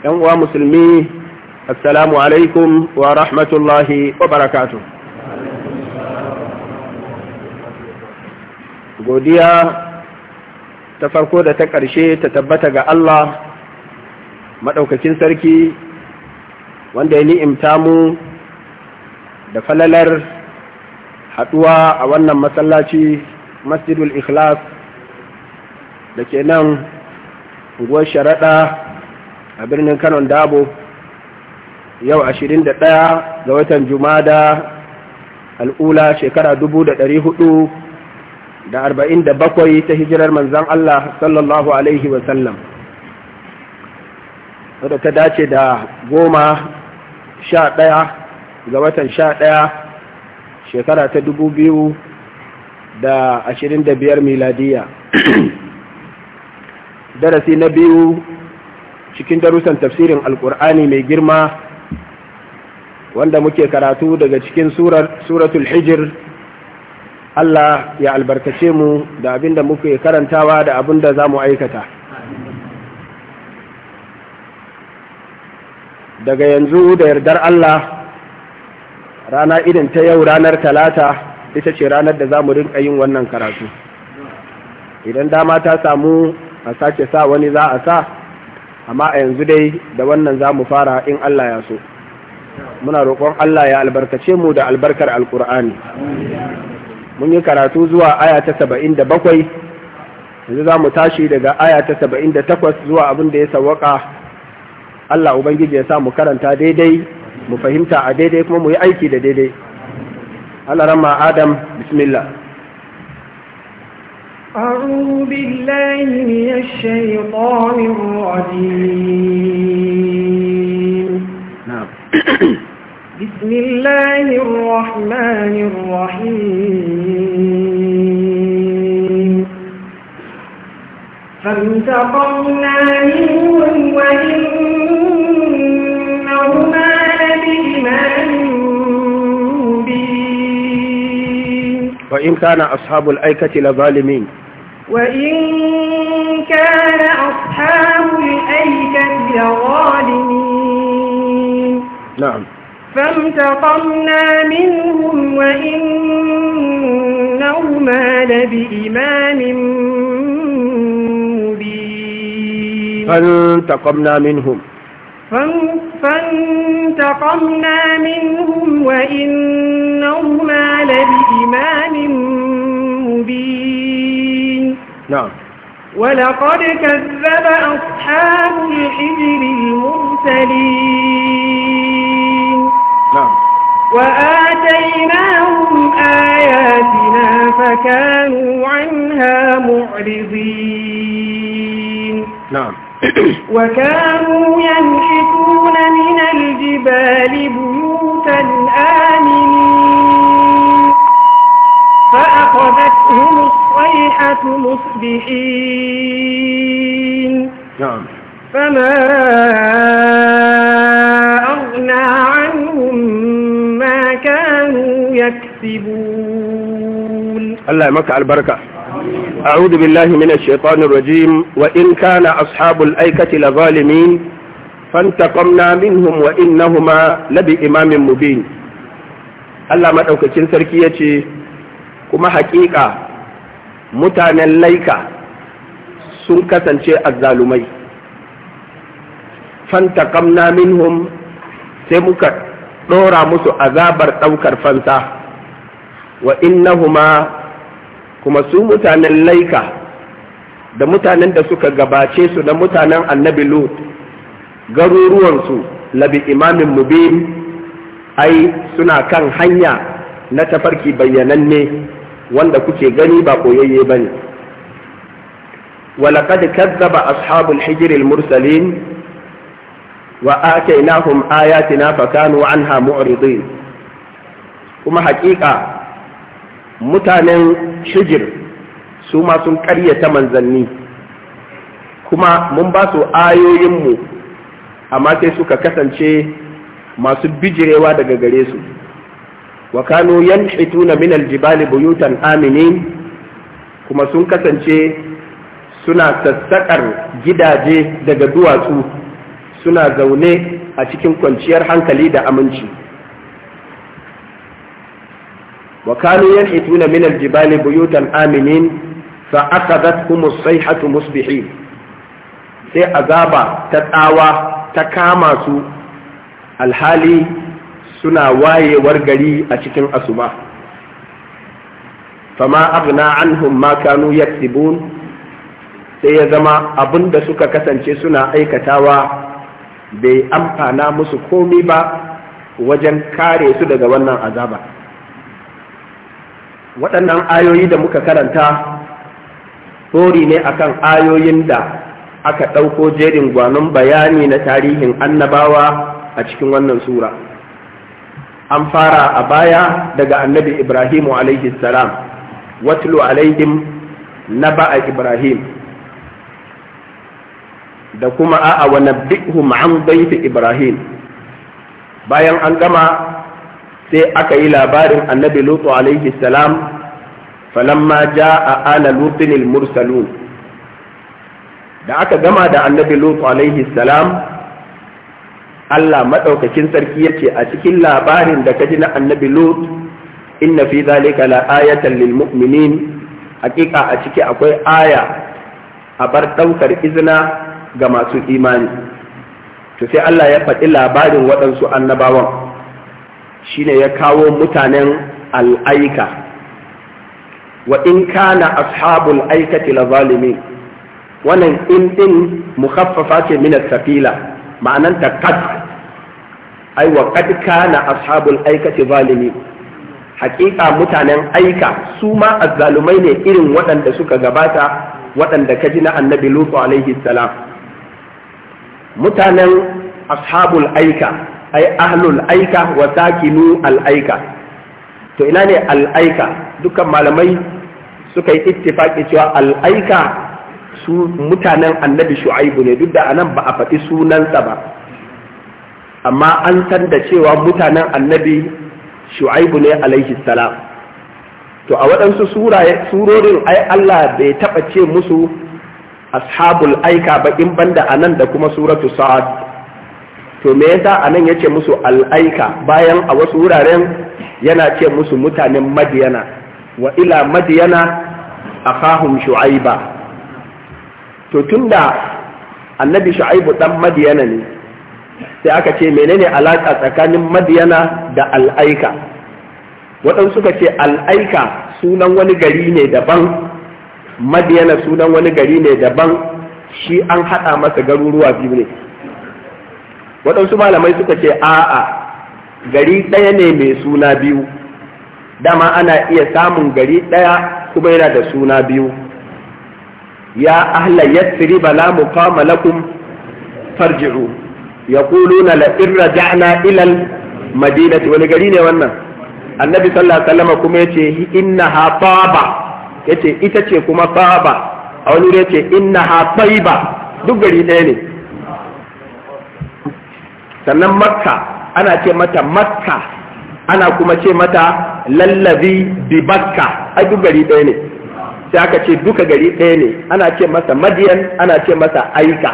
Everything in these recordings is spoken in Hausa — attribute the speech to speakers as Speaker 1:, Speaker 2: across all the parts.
Speaker 1: yan uwa musulmi assalamu alaikum wa rahmatullahi wa barakatu godiya ta farko da ta ƙarshe ta tabbata ga Allah maɗaukakin sarki wanda ya ni'imta mu da falalar haɗuwa a wannan masallaci masjidul ikhlas da ke nan unguwar sharaɗa a birnin kanon dabo yau 21 ga watan jumada al'ula shekara 447 ta hijirar manzan Allah sallallahu Alaihi wasallam wadda ta dace da goma sha ɗaya ga watan sha ɗaya shekara ta dubu biyu da ashirin da biyar miladiya darasi na biyu cikin darussan tafsirin alkur'ani mai girma wanda muke karatu daga cikin suratul hijir Allah ya albarkace mu da abin da muke karantawa da abin da za mu aikata daga yanzu da yardar Allah rana irin ta yau ranar talata ita ce ranar da za mu rinka yin wannan karatu idan dama ta samu a sake sa wani za a sa amma a yanzu dai da wannan za mu fara in Allah ya so muna roƙon Allah ya albarkace mu da albarkar alƙur'ani mun yi karatu zuwa aya ta saba'in da bakwai yanzu za mu tashi daga aya ta saba'in da takwas zuwa abin da ya sawwaka Allah Ubangiji ya sa mu karanta daidai mu fahimta a daidai kuma mu yi aiki da daidai Allah rama Adam bismillah
Speaker 2: أعوذ بالله من الشيطان الرجيم نعم بسم الله الرحمن الرحيم فانتقمنا منهم وإنهم
Speaker 1: وإن كان أصحاب الأيكة لظالمين
Speaker 2: وإن كان أصحاب الأيكة لظالمين نعم فانتقمنا منهم وإنهما لبإمام
Speaker 1: مبين فانتقمنا منهم
Speaker 2: فانتقمنا منهم وإنهما لبإمام مبين نعم ولقد كذب أصحاب الحجر المرسلين نعم وآتيناهم آياتنا فكانوا عنها معرضين
Speaker 3: نعم
Speaker 2: وكانوا ينحتون من الجبال بيوتا آمنين فأخذتهم الصيحة مصبحين نعم فما أغنى عنهم ما كانوا يكسبون
Speaker 1: الله يمك على البركة أعوذ بالله من الشيطان الرجيم وإن كان أصحاب الأيكة لظالمين فانتقمنا منهم وإنهما لبإمام مبين Allah maɗaukacin sarki ya ce kuma haƙiƙa mutanen laika sun kasance azzalumai fantakamna minhum sai muka ɗora musu azabar ɗaukar fansa wa innahuma kuma su mutanen laika da mutanen da suka gabace su na mutanen annabi lut garuruwansu labi imamin mubin ai suna kan hanya na tafarki bayyananne wanda kuke gani ba koyayye bane ولقد كذب أصحاب الحجر المرسلين وآتيناهم آياتنا an عنها معرضين kuma haƙiƙa mutanen shigir su ma sun ta manzanni kuma mun ba su ayoyinmu amma sai suka kasance masu bijirewa daga gare su wa yan yanhituna min aljibali buyutan Amini kuma sun kasance suna sassaƙar gidaje daga duwatsu suna zaune a cikin kwanciyar hankali da aminci wa kanu yanhituna min aljibali buyutan aminin fa akadatkum as-sayhatu musbihin sai azaba ta tsawa ta kama su alhali suna wayewar gari a cikin asuba fama aghna anhum ma kanu yaktibun sai ya zama abun da suka kasance suna aikatawa bai amfana musu komi ba wajen kare su daga wannan azaba waɗannan ayoyi da muka karanta tsori ne akan ayoyin da aka ɗauko jerin gwanon bayani na tarihin annabawa a cikin wannan sura an fara a baya daga annabi ibrahimu alaihi salam alaihim na ba'a ibrahim da kuma a'a wa nabbihum an ibrahim bayan an gama sai aka yi labarin annabi lutu alaihi salam falamma ala lutin mursalun da aka gama da annabi lutu alaihi salam Allah maɗaukacin sarki ce a cikin labarin da ka ji na annabi lut inna fi zalika la ayatan lil mu'minin hakika a ciki akwai aya a bar ɗaukar izina ga masu imani to sai Allah ya faɗi labarin waɗansu annabawan shine ya kawo mutanen al'aika wa in kana ashabul aikati la zalimin wannan in din mukhaffafa ce min safila ma'anan ta qad ai wa qad kana ashabul aikati zalimin hakika mutanen aika su ma azzalumai ne irin waɗanda suka gabata waɗanda ka ji na annabi lutu alaihi salam mutanen ashabul aika ai ahlul aika wa sakinu al aika to ina ne al aika dukkan malamai suka yi ittifaki cewa al aika su mutanen annabi shu'aibu ne duk da anan ba a faɗi sunansa ba amma an san da cewa mutanen annabi shu'aibu ne alaihi salam to a waɗansu surorin ai Allah bai taɓa ce musu ashabul aika ba in banda anan da kuma suratu sa'ad to me yasa anan yace musu al'aika bayan a wasu wuraren yana ce musu mutanen madiyana wa ila madiyana akahum shu'aiba to tunda annabi shu'aibu dan madiyana ne sai aka ce menene alaka tsakanin madiyana da al'aika waɗansu suka ce al'aika sunan wani gari ne daban madiyana sunan wani gari ne daban shi an haɗa masa garuruwa biyu ne waɗansu malamai suka ce a'a gari ɗaya ne mai suna biyu dama ana iya samun gari ɗaya kuma yana da suna biyu ya ahla yassiri bala muqama lakum farji'u yaquluna la in raja'na ila al madinati wani gari ne wannan annabi sallallahu alaihi wasallam kuma yace innaha taba yace ita ce kuma taba a wani yace innaha taiba duk gari ɗaya ne sannan makka ana ce mata makka ana kuma ce mata lallabi bi bakka ai duk gari ɗaya ne sai aka ce duka gari ɗaya ne ana ce masa madiyan ana ce masa aika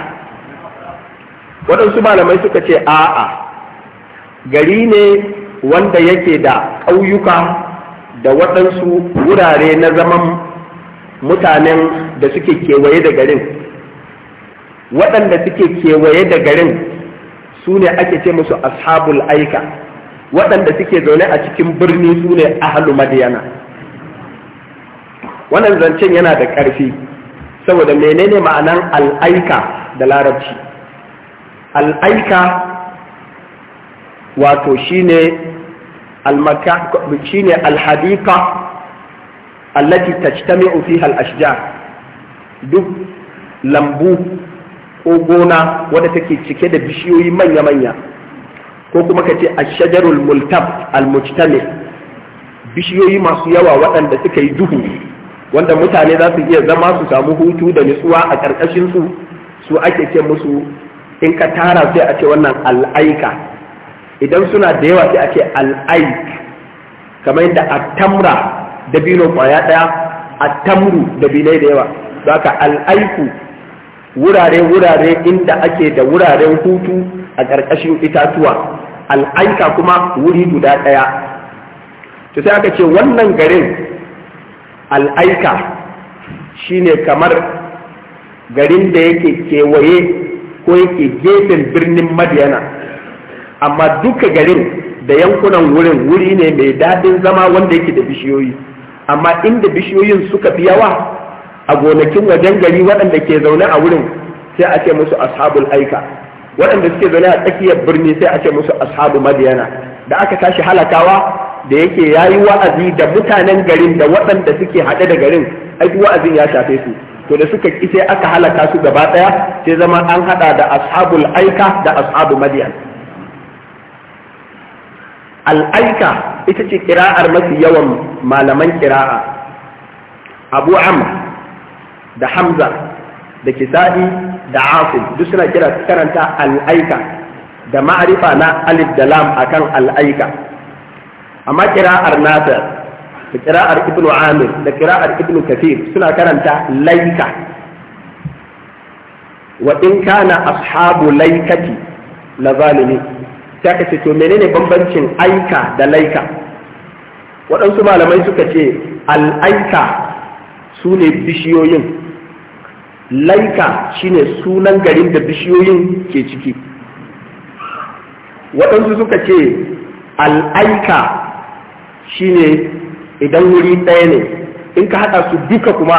Speaker 1: waɗansu malamai suka ce a'a gari ne wanda yake da ƙauyuka da waɗansu wurare na zaman mutanen da suke kewaye da garin waɗanda suke kewaye da garin su ne ake ce musu ashabul aika waɗanda suke zaune a cikin birni su ne ahalu madiyana wannan zancen yana da ƙarfi saboda menene ma'anan al'aika da larabci al'aika wato shine ne alhadika allati tajtami'u fiha al-ashjar duk lambu ko gona wadda take cike da bishiyoyi manya-manya ko kuma ka ce ashajarul multab almujtami bishiyoyi masu yawa waɗanda suka yi duhu wanda mutane za su iya zama su samu hutu da nutsuwa a ƙarƙashin su su ake ce musu in ka tara sai a ce wannan al'aika idan suna da yawa sai a ce al'aik kamar yadda tamra dabino kwaya ɗaya attamru dabinai da yawa za ka al'aiku wurare-wurare inda ake da wuraren hutu a ƙarƙashin itatuwa al'aika kuma wuri guda ɗaya to sai aka ce wannan garin al'aika shine kamar garin da yake kewaye ko yake gefen birnin madiyana amma duka garin da yankunan wurin wuri ne mai daɗin zama wanda yake da bishiyoyi amma inda bishiyoyin suka fi yawa a gonakin wajen gari waɗanda ke zaune a wurin sai a ce musu ashabul aika waɗanda suke zaune a tsakiyar birni sai a ce musu ashabu madiyana da aka tashi halakawa da yake yi wa'azi da mutanen garin da waɗanda suke haɗe da garin ai wa'azin ya shafe su to da suka ƙi sai aka halaka su gaba ɗaya sai zama an haɗa da ashabul aika da ashabu madiyan al'aika ita ce kira'ar mafi yawan malaman kira'a abu amr da hamza da kisa'i da asim duk suna kira karanta al'aika da ma'arifa na alif da lam akan al'aika amma kira'ar nasir da kira'ar ibnu amir da kira'ar ibnu kafir suna karanta laika wa in kana ashabu laikati la zalimi sai to menene bambancin aika da laika waɗansu malamai suka ce al'aika su ne bishiyoyin laika shine sunan garin da bishiyoyin ke ciki waɗansu suka ce al'aika shine idan wuri ɗaya ne in ka haɗa su duka kuma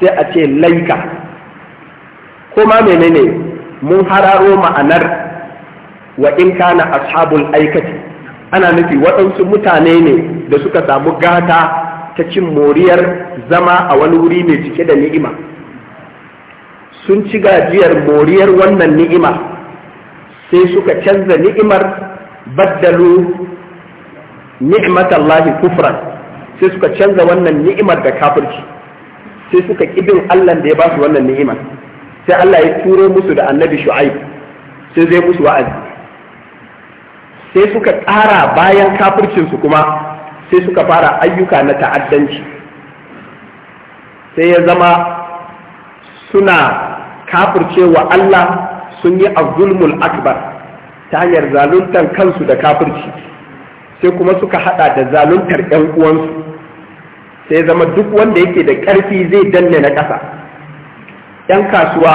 Speaker 1: sai a ce laika ko ma menene mun hararo ma'anar wa in kana ashabul aikati ana nufi waɗansu mutane ne da suka samu gata ta cin moriyar zama a wani wuri mai cike da ni'ima sun ci gajiyar moriyar wannan ni'ima sai suka canza ni'imar baddalu ni'matallahi kufran sai suka canza wannan ni'imar da kafirci sai suka ƙibin Allah da ya ba su wannan ni'imar sai Allah ya turo musu da annabi shu'aib sai zai musu wa'azi sai suka ƙara bayan kafircinsu kuma sai suka fara ayyuka na ta'addanci sai ya zama suna kafircewa Allah sun yi azulmul akbar ta hanyar zaluntar kansu da kafirci sai kuma suka hada da zaluntar 'yan uwansu sai zama duk wanda yake da ƙarfi zai danne na ƙasa 'yan kasuwa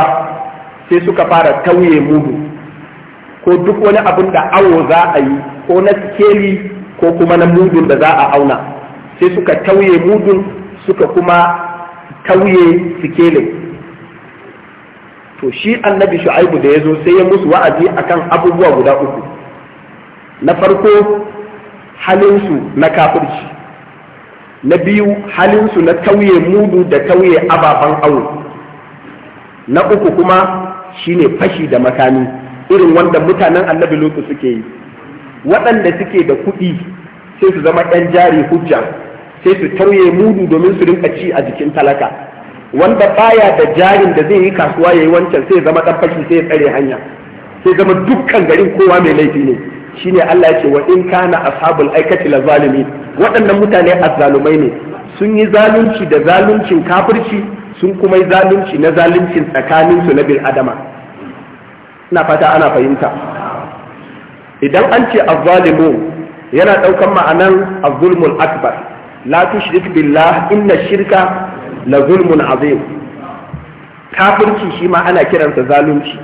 Speaker 1: sai suka fara tauye mudu ko duk wani abin da awo za a yi ko na sikeli ko kuma na mudun da za a auna sai suka tauye mudun suka kuma tauye sikelin to shi annabi shu'aibu da ya zo sai ya musu wa'azi akan abubuwa guda uku na farko halinsu na kafirci na biyu halinsu na tauye mudu da tauye ababen aure na uku kuma shine fashi da makami irin wanda mutanen annabi lutu suke yi waɗanda suke da kuɗi sai su zama ɗan jari hujja sai su tauye mudu domin su rinka ci a jikin talaka wanda baya da jarin da zai yi kasuwa ya yi wancan sai zama ɗan fashi sai ya tsare hanya sai zama dukkan garin kowa mai laifi ne shine Allah ya ce wa in kana ashabul aikati la zalimi waɗannan mutane azzalumai ne sun yi zalunci da zaluncin kafirci sun kuma yi zalunci na zaluncin tsakaninsu na bil adama ina fata ana fahimta idan an ce azzalimu yana daukan ma'anar azzulmul akbar la tushrik billah inna shirka la zulmun azim kafirci shi ma ana kiransa zalunci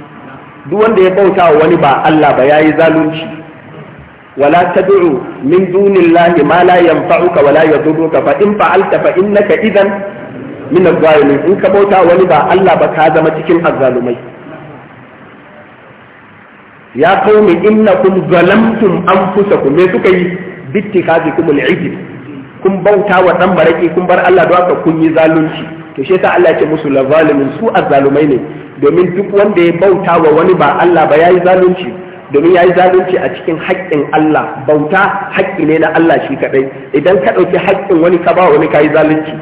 Speaker 1: duk wanda ya bauta wa wani ba Allah ba yayi zalunci wala tad'u min dunillahi ma la yanfa'uka wala yadurruka fa in fa'alta fa innaka idan min adh-dhalimin in ka bauta wani ba Allah ba ka zama cikin azzalumai ya qaumi innakum zalamtum anfusakum me suka yi bittikazikum al-ijl kun bauta wa dan baraki kun bar Allah don haka kun yi zalunci to shi yasa Allah ya ce musu la zalimin su azzalumai ne domin duk wanda ya bauta wa wani ba Allah ba yayi zalunci domin yayi zalunci a cikin haƙƙin Allah bauta haƙƙi ne na Allah shi kaɗai idan ka ɗauki haƙƙin wani ka ba wani ka yi zalunci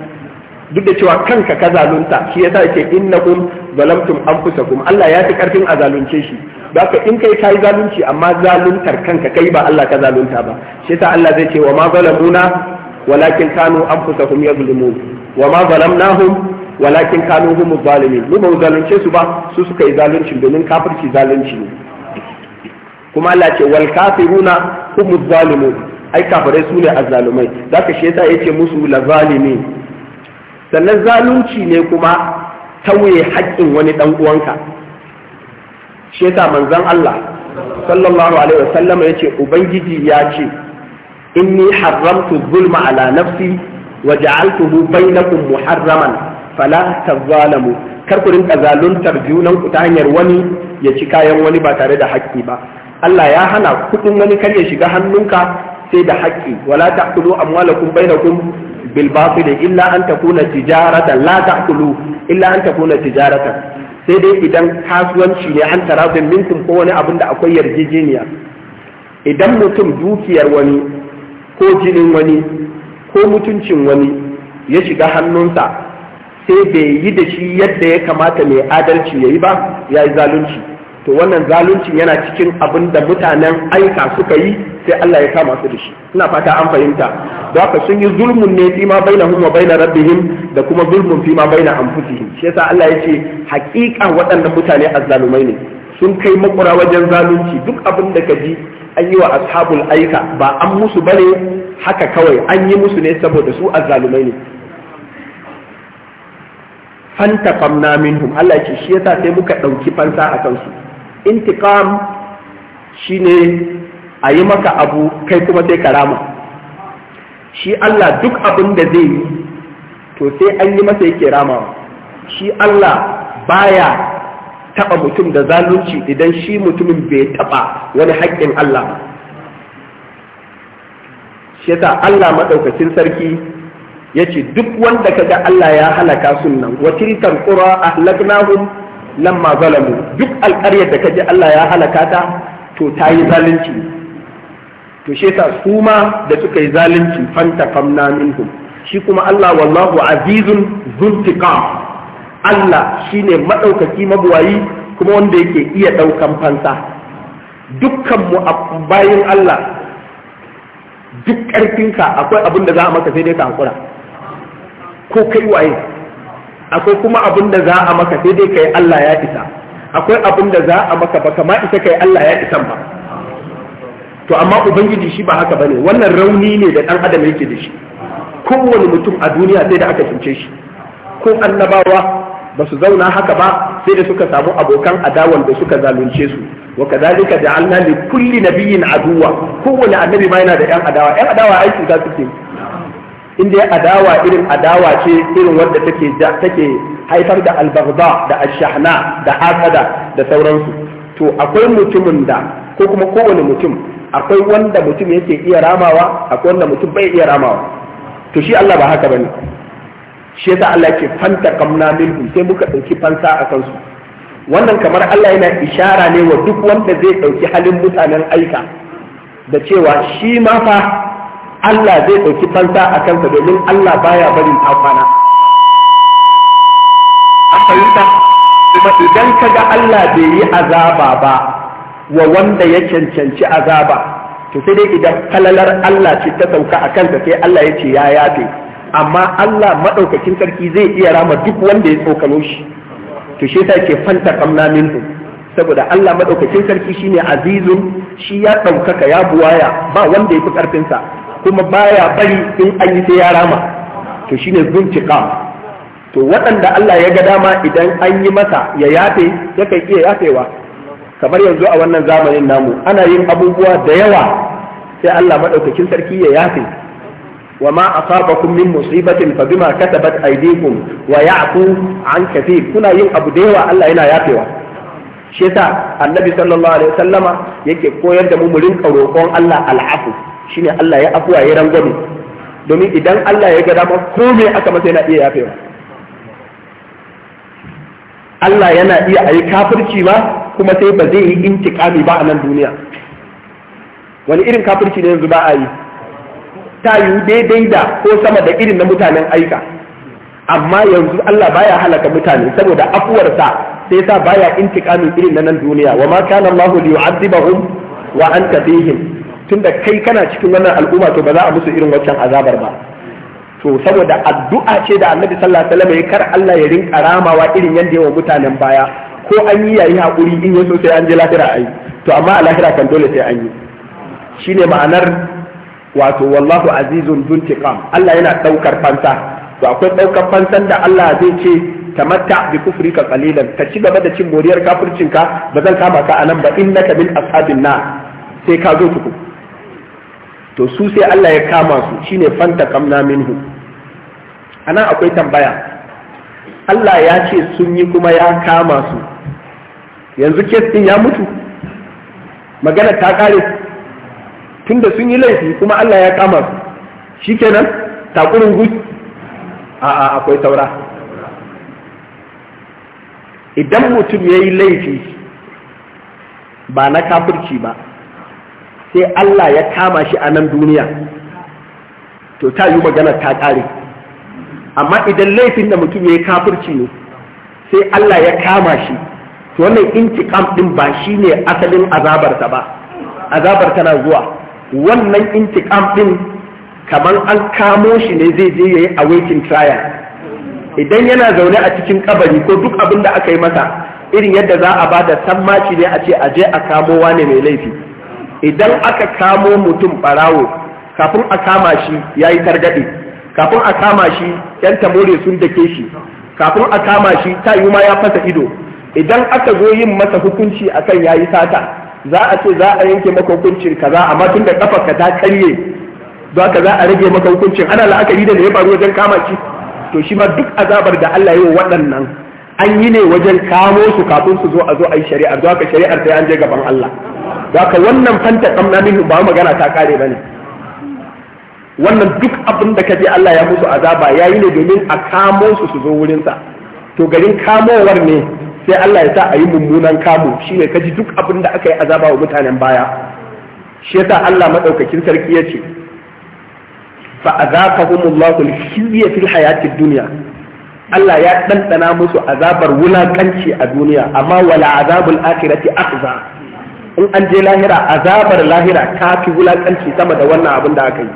Speaker 1: duk da cewa kanka ka zalunta shi yasa yake innakum zalamtum anfusakum Allah ya fi karfin a zalunce shi ka in kai kai zalunci amma zaluntar kanka kai ba Allah ka zalunta ba shi yasa Allah zai ce wa ma zalamuna walakin kanu anfusahum yazlimun wa ma zalamnahum walakin kanu hum zalimin mu ba zalunce su ba su suka yi zalunci domin kafirci zalunci ne kuma Allah ce wal kafiruna hum zalimun ai kafirai su ne azzalumai zaka shi yasa yace musu la zalimin sannan zalunci ne kuma tauye haƙƙin wani ɗan uwanka shi yasa manzon Allah sallallahu alaihi wasallam yace ubangiji ya ce inni haramtu zulma ala nafsi wa ja'altuhu bainakum muharraman fala tazalamu kar ku rinka zaluntar junan ku ta hanyar wani ya ci kayan wani ba tare da haƙƙi ba Allah ya hana kuɗin wani kar ya shiga hannunka sai da haƙƙi wala ta'kulu amwalakum bainakum bil batil illa an takuna tijaratan la ta'kulu illa an takuna tijaratan sai dai idan kasuwanci ne an tarabin minkum ko wani abin da akwai yarjejeniya idan mutum dukiyar wani ko jinin wani ko mutuncin wani ya shiga hannunsa sai bai yi da shi yadda ya kamata mai adalci ya yi ba ya yi zalunci to wannan zalunci yana cikin abin da mutanen aika suka yi sai Allah ya sa masu da shi ina fata an fahimta don haka sun yi zulmun ne fi ma hum wa baina rabbihim da kuma zulmun fi ma baina anfusihim shi yasa Allah ya ce haqiqa waɗannan mutane azzalumai ne sun kai makura wajen zalunci duk abin da ka ji an yi wa ashabul aika ba an musu bane haka kawai an yi musu ne saboda su azzalumai ne fanta minhum Allah ya ce shi yasa sai muka ɗauki fansa a kansu intiqam shine a yi maka abu kai kuma sai karama shi Allah duk abin da zai yi to sai an yi masa yake rama shi Allah baya taba mutum da zalunci idan shi mutumin bai taba wani haƙƙin Allah ba shi yasa Allah madaukakin sarki yace duk wanda kaga Allah ya halaka sunnan wa tilkan qura ahlaknahum lamma zalamu duk alƙaryar da kaji Allah ya halaka ta to ta yi zalunci to shi yasa su ma da suka yi zalunci fanta famna minhum shi kuma Allah wallahu azizun zuntiqam Allah shine madaukaki mabuwayi kuma wanda yake iya daukan fansa dukkan mu bayin Allah duk ƙarfinka akwai abin da za a maka sai dai ka hakura ko kai waye akwai kuma abin da za a maka sai dai kai Allah ya isa akwai abin da za a maka ba kama isa kai Allah ya isan ba to amma ubangiji shi ba haka bane wannan rauni ne da dan adam yake da shi kowane mutum a duniya sai da aka cince shi ko annabawa ba su zauna haka ba sai da suka samu abokan adawan da suka zalunce su wa kadhalika ja'alna li kulli nabiyyin aduwa kowane annabi ma yana da yan adawa yan adawa ai su suke inda ya adawa irin adawa ce irin wadda take take haifar da albagda da ashahna da hasada da sauransu to akwai mutumin da ko kuma kowane mutum akwai wanda mutum yake iya ramawa akwai wanda mutum bai iya ramawa to shi Allah ba haka bane shi yasa Allah yake fanta kamna minhum sai muka dauki fansa a kansu wannan kamar Allah yana ishara ne wa duk wanda zai dauki halin mutanen aika da cewa shi ma fa Allah zai ɗauki fanta a kansa domin Allah baya barin ta kwana a fahimta kuma idan ka ga Allah bai yi azaba ba wa wanda ya cancanci azaba to sai dai idan falalar Allah ce ta sauka a kansa sai Allah ya ce ya yafe amma Allah maɗaukakin sarki zai iya rama duk wanda ya tsokano shi to shi ke fanta kamna minhu saboda Allah maɗaukacin sarki shine azizun shi ya ɗaukaka ya buwaya ba wanda ya fi ƙarfinsa kuma baya bari in an yi yara to shine bincika to waɗanda Allah ya ga dama idan an yi masa ya yafe ya kai iya yafewa kamar yanzu a wannan zamanin namu ana yin abubuwa da yawa sai Allah maɗaukacin sarki ya yafe wa ma asabakum min musibatin fa bima katabat aydikum wa ya'fu an kathir kuna yin abu da yawa Allah yana yafewa shi yasa annabi sallallahu alaihi wasallama yake koyar da mu mu rinka roƙon Allah al'afu shine Allah ya afuwa ya rangwame domin idan Allah ya ga dama komai aka masa yana iya yafewa Allah yana iya a yi kafirci ba kuma sai ba zai yi intikami ba a nan duniya wani irin kafirci ne yanzu ba a yi ta yi daidai da ko sama da irin na mutanen aika amma yanzu Allah baya halaka mutane saboda afuwarsa sai sa baya intikami irin na nan duniya wa ma kana Allahu li yu'adhibahum wa anta fihim tunda kai kana cikin wannan al'umma to ba za a musu irin waccan azabar ba to saboda addu'a ce da annabi sallallahu alaihi wasallam ya kar Allah ya rinka ramawa irin yanda yawa mutanen baya ko an yi yayi hakuri in yaso sai an ji lahira ai to amma a lahira kan dole sai an yi shine ma'anar wato wallahu azizun duntiqam Allah yana daukar fansa to akwai daukar fansan da Allah zai ce tamatta bi kufrika qalilan ka ci gaba da cin moriyar kafircinka ba zan kama ka anan ba innaka min ashabin na sai ka zo tukun to su sai Allah ya kama su shine fanta kamna minhu anan akwai tambaya Allah ya ce sun yi kuma ya kama su yanzu kes din ya mutu magana ta kare tunda sun yi laifi kuma Allah ya kama su shikenan takurin gudu a a akwai saura idan mutum ya yi laifi ba na kafirci ba sai Allah ya kama shi a nan duniya to ta yi magana ta ƙare amma idan laifin da mutum ya yi kafirci ne sai Allah ya kama shi to wannan intikam ɗin ba shi ne asalin azabarta ba azabar tana zuwa wannan intikam ɗin kamar an kamo shi ne zai je yayi waitin trial idan yana zaune a cikin kabari ko duk abin da aka yi masa irin yadda za a bada sammaci ne a ce a je a kamo wane mai laifi idan aka kamo mutum barawo kafin a kama shi ya yi targaɗe kafin a kama shi yan tamore sun dake shi kafin a kama shi ta yi ma ya fasa ido idan aka zo yin masa hukunci akan yi sata za a ce za a yanke maka hukuncin kaza amma tun da ka ta karye za ka za a rage maka hukuncin ana la'akari da ya faru wajen kama shi to shi ma duk azabar da Allah yi wa waɗannan an yi ne wajen kamo su kafin su zo a zo a yi shari'ar zo ka shari'ar sai an je gaban Allah ka wannan fanta kamna minhu ba magana ta kare bane wannan duk abin da ji Allah ya musu azaba yayi ne domin a kamo su su zo wurin sa to garin kamowar ne sai Allah ya sa a yi mummunan kamo shine kaji duk abin da aka yi azaba wa mutanen baya shi yasa Allah madaukakin sarki yace fa azaqahumullahu al-khizya fil hayati dunya Allah ya ɗanɗana musu azabar wulaƙanci a duniya amma wala azabul akhirati akhza in an je lahira azabar lahira ta fi wulakanci sama da wannan abin da aka yi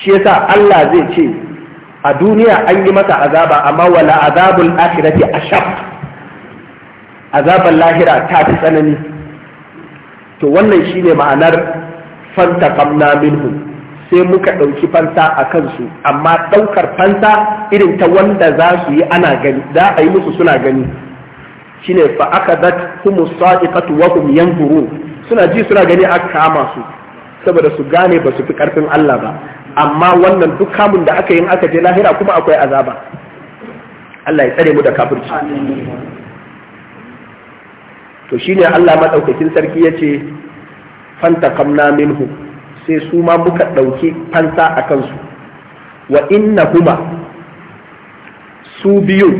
Speaker 1: shi yasa Allah zai ce a duniya an yi masa azaba amma wala azabul akhirati ashab azabar lahira ta fi tsanani to wannan shine ma'anar fanta kamna minhu sai muka ɗauki fanta a kansu amma ɗaukar fanta irin ta wanda za su yi ana gani za a yi musu suna gani shine fa akadat humus sa'iqatu wa hum yanzuru suna ji suna gani a kama su saboda su gane ba su fi karfin Allah ba amma wannan duk kamun da aka yi aka je lahira kuma akwai azaba Allah ya tsare mu da kafirci to shine Allah madaukakin sarki yace kamna minhu sai su ma muka dauki fanta a kansu wa innahuma su biyu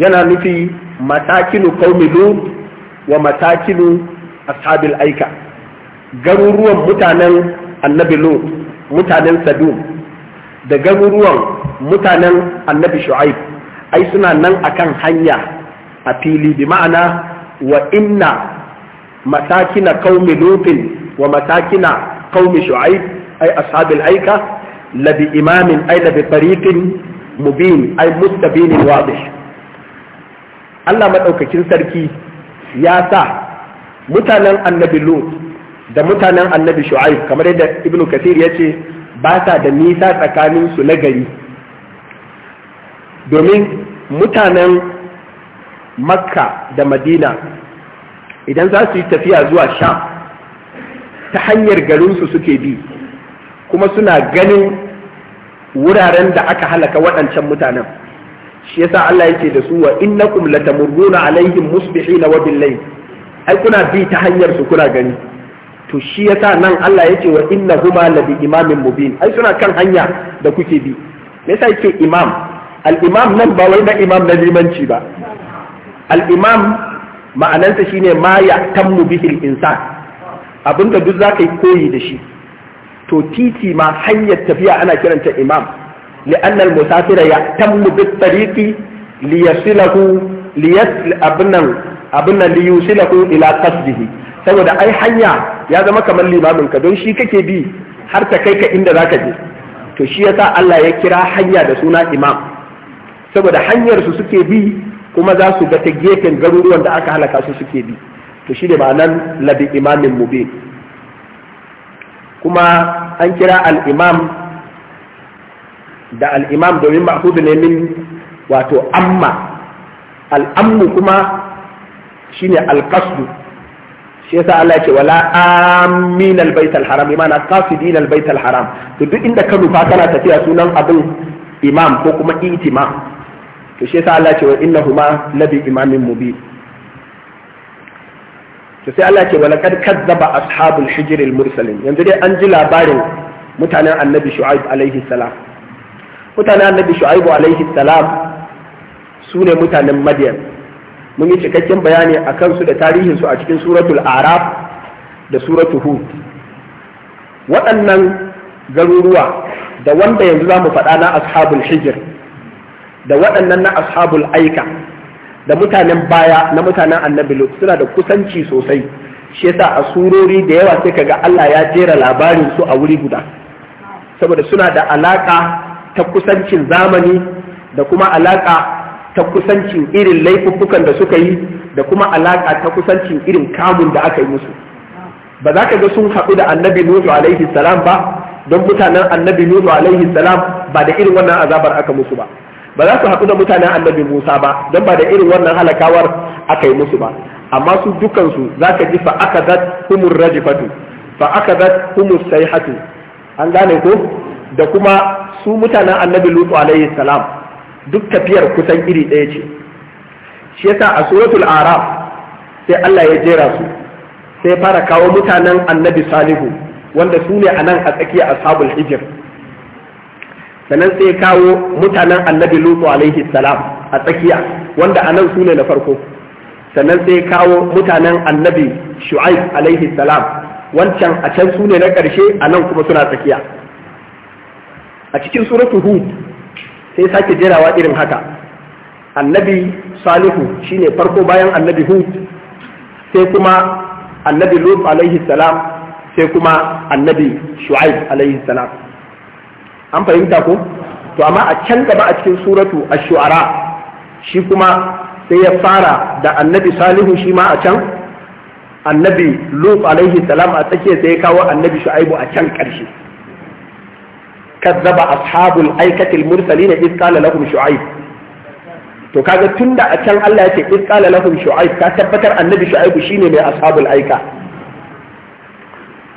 Speaker 1: yana nufi matakinu qaumi lut wa matakinu ashabil aika garuruwan mutanen annabi lut mutanen sadum da garuruwan mutanen annabi shu'aib ai suna nan akan hanya a fili bi ma'ana wa inna matakina qaumi lutin wa matakina qaumi shu'aib ai ashabil aika labi imamin ai labi tariqin mubin ai mustabinin wadih Allah maɗaukakin sarki ya sa mutanen annabi lut da mutanen annabi shu'aib kamar yadda Ibn Kathir ya ce ba sa da nisa tsakanin su na gari domin mutanen makka da madina idan za su yi tafiya zuwa sha, ta hanyar garinsu suke bi kuma suna ganin wuraren da aka halaka waɗancan mutanen shi yasa Allah yake da su wa innakum latamurruna alaihim musbihina wa billayl ai kuna bi ta hanyar su kuna gani to shi yasa nan Allah yake wa innahuma la bi imamin mubin ai suna kan hanya da kuke bi me yasa yake imam al imam nan ba wai na imam na limanci ba al imam ma'anansa shine ma ya tammu bihi al insan abinda duk zaka yi koyi da shi to titi ma hanyar tafiya ana kiranta imam لأن المسافر يهتم بالطريق ليصله ليصل أبنا أبنا ليوصله إلى قصده saboda ai hanya ya zama kamar limamin ka don shi kake bi har ta kai ka inda zaka je to shi yasa Allah ya kira hanya da suna imam saboda hanyarsu suke bi kuma za su ga ta gefen garuruwan da aka halaka su suke bi to shi ne ma'anan labi imamin mubin kuma an kira al-imam da al'imam domin ma'akudu ne min wato amma al'ammu kuma shine alƙasdu shi yasa Allah ya ce wala amin albayt alharam imana qasidin albayt alharam to duk inda ka nufa kana tafiya sunan abin imam ko kuma itima. to shi yasa Allah ya ce wa innahuma labi imamin mubin to sai Allah ya ce wala kad kazzaba ashabul hijr Mursalin. yanzu dai an ji labarin mutanen annabi shu'aib alaihi salam mutanen annabi shu'aibu alaihi salam su ne mutanen madiyan mun yi cikakken bayani a kansu da tarihinsu a cikin suratul araf da suratul hud waɗannan garuruwa da wanda yanzu za mu faɗa na ashabul hijir da waɗannan na ashabul aika da mutanen baya na mutanen annabi lut suna da kusanci sosai shi yasa a surori da yawa sai kaga Allah ya jera labarin su a wuri guda saboda suna da alaka ta kusancin zamani da kuma alaƙa ta kusancin irin laifuffukan da suka yi da kuma alaƙa ta kusancin irin kamun da aka yi musu ba za ka ga sun haɗu da annabi nuhu alaihi salam ba don mutanen annabi nuhu alaihi salam ba da irin wannan azabar aka musu ba ba za su haɗu da mutanen annabi musa ba don ba da irin wannan halakawar aka yi musu ba amma su dukansu za ka ji fa aka zat humur rajifatu fa aka zat humur sayhatu an gane ko da kuma su mutanen annabi lutu alaihi salam duk tafiyar kusan iri ɗaya ce shi yasa a suratul araf sai Allah ya jera su sai fara kawo mutanen annabi salihu wanda su ne a nan a tsakiya ashabul hijir sannan sai kawo mutanen annabi lutu alaihi salam a tsakiya wanda a nan su ne na farko sannan sai kawo mutanen annabi shu'aib alaihi salam wancan a can su ne na ƙarshe a nan kuma suna tsakiya a cikin suratu hud sai sake jerawa irin haka annabi salihu shine farko bayan annabi hud sai kuma annabi lut alaihi salam sai kuma annabi shu'aib alaihi salam an fahimta ko to amma a can gaba a cikin suratu a shuara shi kuma sai ya fara da annabi salihu shi ma a can annabi lut alaihi salam a tsakiya sai ya kawo annabi shu'aibu a can ƙarshe kazzaba ashabul aikatil mursalin iz qala lahum shu'aib to kaga tunda a can Allah yake iz qala lahum shu'aib ka tabbatar annabi shu'aib shine mai ashabul aika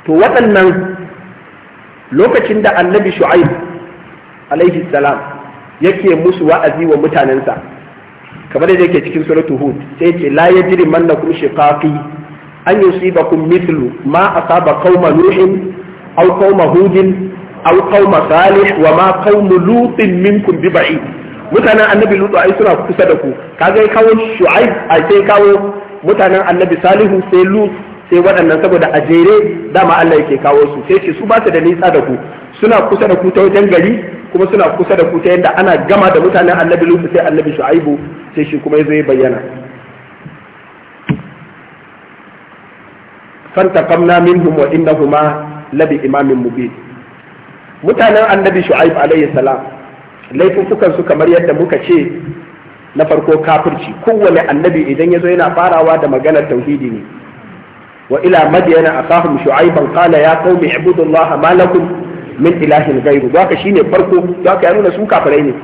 Speaker 1: to waɗannan lokacin da annabi shu'aib alaihi salam yake musu wa'azi wa mutanensa kamar da yake cikin suratul hud sai yake la yajri mannakum shiqaqi an yusibakum mithlu ma asaba qauma nuhin aw qauma hudin aw qauma salih wa ma qaumu lut minkum bi ba'id mutanen annabi lutu ai suna kusa da ku kaga kawo shu'aib ai sai kawo mutanen annabi salihu sai lut sai waɗannan saboda a jere dama Allah yake kawo su sai ce su ba su da nisa da ku suna kusa da ku ta wajen gari kuma suna kusa da ku ta yadda ana gama da mutanen annabi lutu sai annabi shu'aibu sai shi kuma zai bayyana Fanta fantaqamna minhum wa innahuma labi imamin mubin mutanen annabi shu'aib alayhi salam laifuffukan su kamar yadda muka ce na farko kafirci kowane annabi idan ya zo yana farawa da maganar tauhidi ne wa ila madyana akahum shu'aiban qala ya qaumi ibudullaha ma lakum min ilahin ghayru haka shine farko haka ya nuna su kafirai ne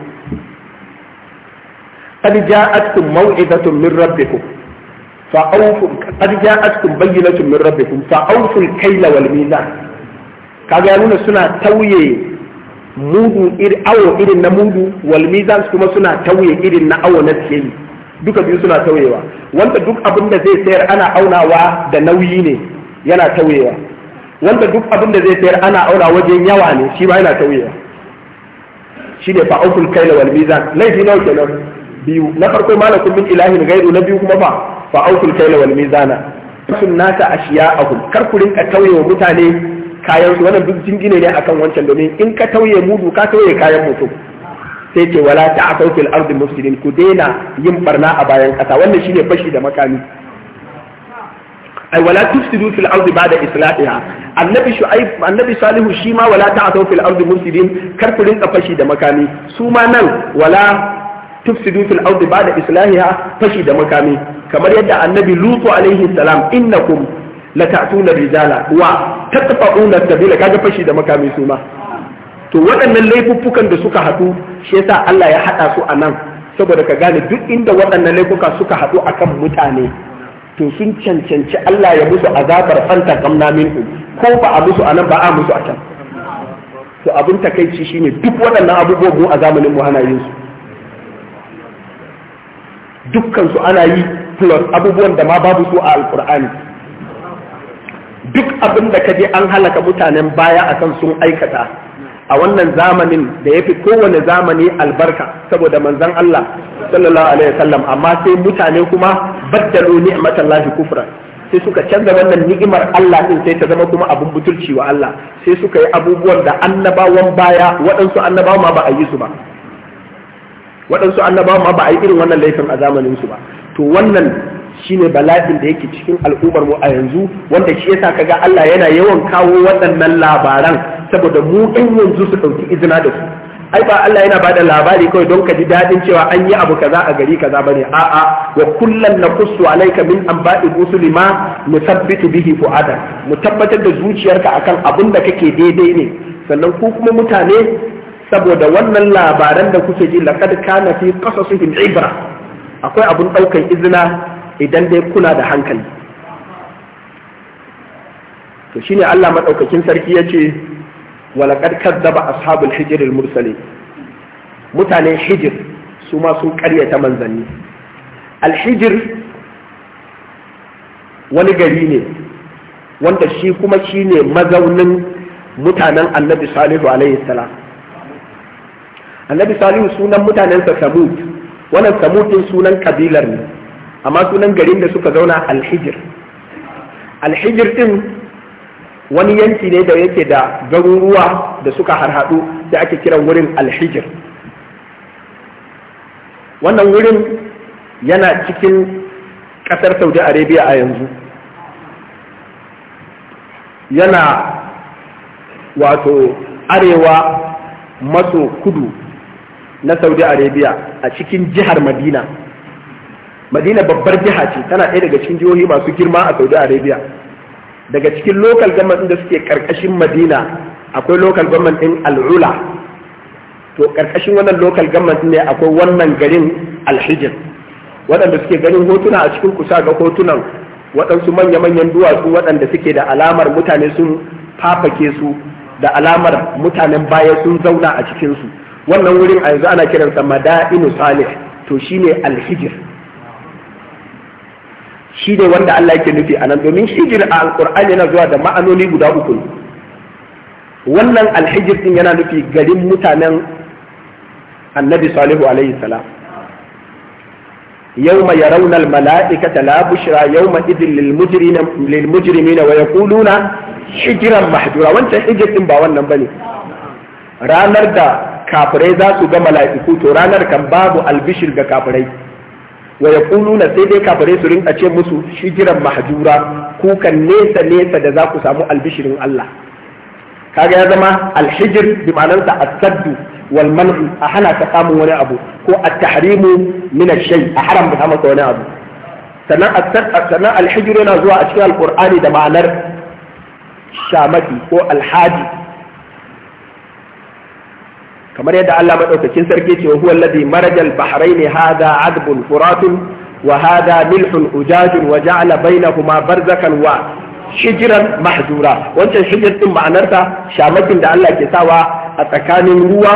Speaker 1: قد جاءتكم موعظة من ربكم فأوفوا قد جاءتكم بينة من ربكم فأوفوا الكيل والميزان kaga ya nuna suna tauye mudu iri awo irin na mudu wal mizan kuma suna tauye irin na awo na sikeli duka biyu suna tauyewa wanda duk abin da zai sayar ana aunawa da nauyi ne yana tauyewa wanda duk abin da zai sayar ana auna wajen yawa ne shi ba yana tauyewa shi ne fa'aukul kaila wal mizan laifi nawa kenan biyu na farko malakun min ilahin gairu na biyu kuma ba fa'aukul kaila wal mizana sun a ashiya'ahum kar ku rinka tauyewa mutane kayan su wannan duk jingine ne akan wancan domin in ka tauye mudu ka tauye kayan mutum sai ce wala ta asau fil ardi mufsidin ku daina yin barna a bayan kasa wannan shine fashi da makami ai wala tufsidu fil ardi ba'da islahiha annabi shu'aib annabi salihu shi ma wala ta asau fil ardi mufsidin kar ku rinka fashi da makami su ma nan wala tufsidu fil ardi ba'da islahiha fashi da makami kamar yadda annabi lutu alaihi salam innakum la ta'tuna rijala wa tatfa'una sabila kaga fashi da makami su ma to waɗannan laifuffukan da suka haɗu shi yasa Allah ya haɗa su a nan saboda ka gane duk inda waɗannan laifuka suka haɗu akan mutane to sun cancanci Allah ya musu azabar fanta min minhu ko ba a musu a ba a musu a can to abin takaici shine duk waɗannan abubuwan mu a zamanin mu ana yin su dukkan su ana yi plus abubuwan da ma babu su a alkur'ani duk abin da kaje an halaka mutanen baya akan sun aikata a wannan zamanin da ya fi kowane zamani albarka saboda manzan Allah sallallahu alaihi wasallam amma sai mutane kuma baddalu ni'matallahi kufra sai suka canza wannan ni'imar Allah din sai ta zama kuma abun butulci wa Allah sai suka yi abubuwan da annabawan baya waɗansu annabawa ma ba a yi su ba waɗansu annabawa ma ba a yi irin wannan laifin a zamanin su ba to wannan shine bala'in da yake cikin al'ummar mu a yanzu wanda shi yasa kaga Allah yana yawan kawo waɗannan labaran saboda mu in yanzu su ɗauki izina da su ai ba Allah yana bada labari kawai don ka ji dadin cewa an yi abu kaza a gari kaza bane a'a wa kullan naqussu alayka min anba'i rusuli ma nusabbitu bihi fu'ada mu tabbatar da zuciyarka akan abin da kake daidai ne sannan ku kuma mutane saboda wannan labaran da kuke ji laqad kana fi qasasihim ibra akwai abun daukan izina idan dai kuna da hankali to shine Allah madaukakin sarki yace walaqad kadzaba ashabul hijr al mursalin mutanen hijir su ma sun ta manzanni al hijr wani gari ne wanda shi kuma shine mazaunin mutanen annabi salihu alaihi salam annabi salihu sunan mutanensa samud wannan samud din sunan kabilar ne amma sunan garin da suka zauna alhijir alhijir din wani yanki ne da yake da garuruwa da suka harhaɗu da ake kiran wurin alhijir wannan wurin yana cikin ƙasar saudi arabia a yanzu yana wato arewa maso kudu na saudi arabia a cikin jihar madina madina babbar jiha ce tana ɗaya daga cikin jihohi masu girma a saudi arabia daga cikin local government da suke karkashin madina akwai local government ɗin al'ula to karkashin wannan local government ne akwai wannan garin alhijir waɗanda suke ganin hotuna a cikin kusa ga hotunan waɗansu manya-manyan duwatsu waɗanda suke da alamar mutane sun fafake su da alamar mutanen baya sun zauna a cikinsu wannan wurin a yanzu ana kiransa mada'inu salih to shine alhijir shi ne wanda Allah yake nufi a nan domin hijir a alkur'ani yana zuwa da ma'anoni guda uku wannan alhijir din yana nufi garin mutanen annabi salihu alaihi salam يوم يرون الملائكة لا بشرى يومئذ للمجرمين ويقولون حجرا محجورا وانت حجر با wannan bane ranar da kafirai za su ga mala'iku to ranar kan babu albishir ga kafirai wa yaquluna sai dai kafare su rinka ce musu shijiran mahjura kukan nesa nesa da za ku samu albishirin Allah kaga ya zama alhijir bi ma'anarsa as-saddu wal man'u a hana ka samun wani abu ko at-tahrimu min ash-shay a haram ka maka wani abu sannan sannan alhijir yana zuwa a cikin alqur'ani da ma'anar shamaki ko alhaji kamar yadda Allah madaukakin sarki ce huwa alladhi marajal bahrayn hadha adbun furatun wa hadha milhun ujajun wa ja'ala bainahuma barzakan wa hijiran mahdura wancan hijir din ma'anarta shamakin da Allah ke sawa a tsakanin ruwa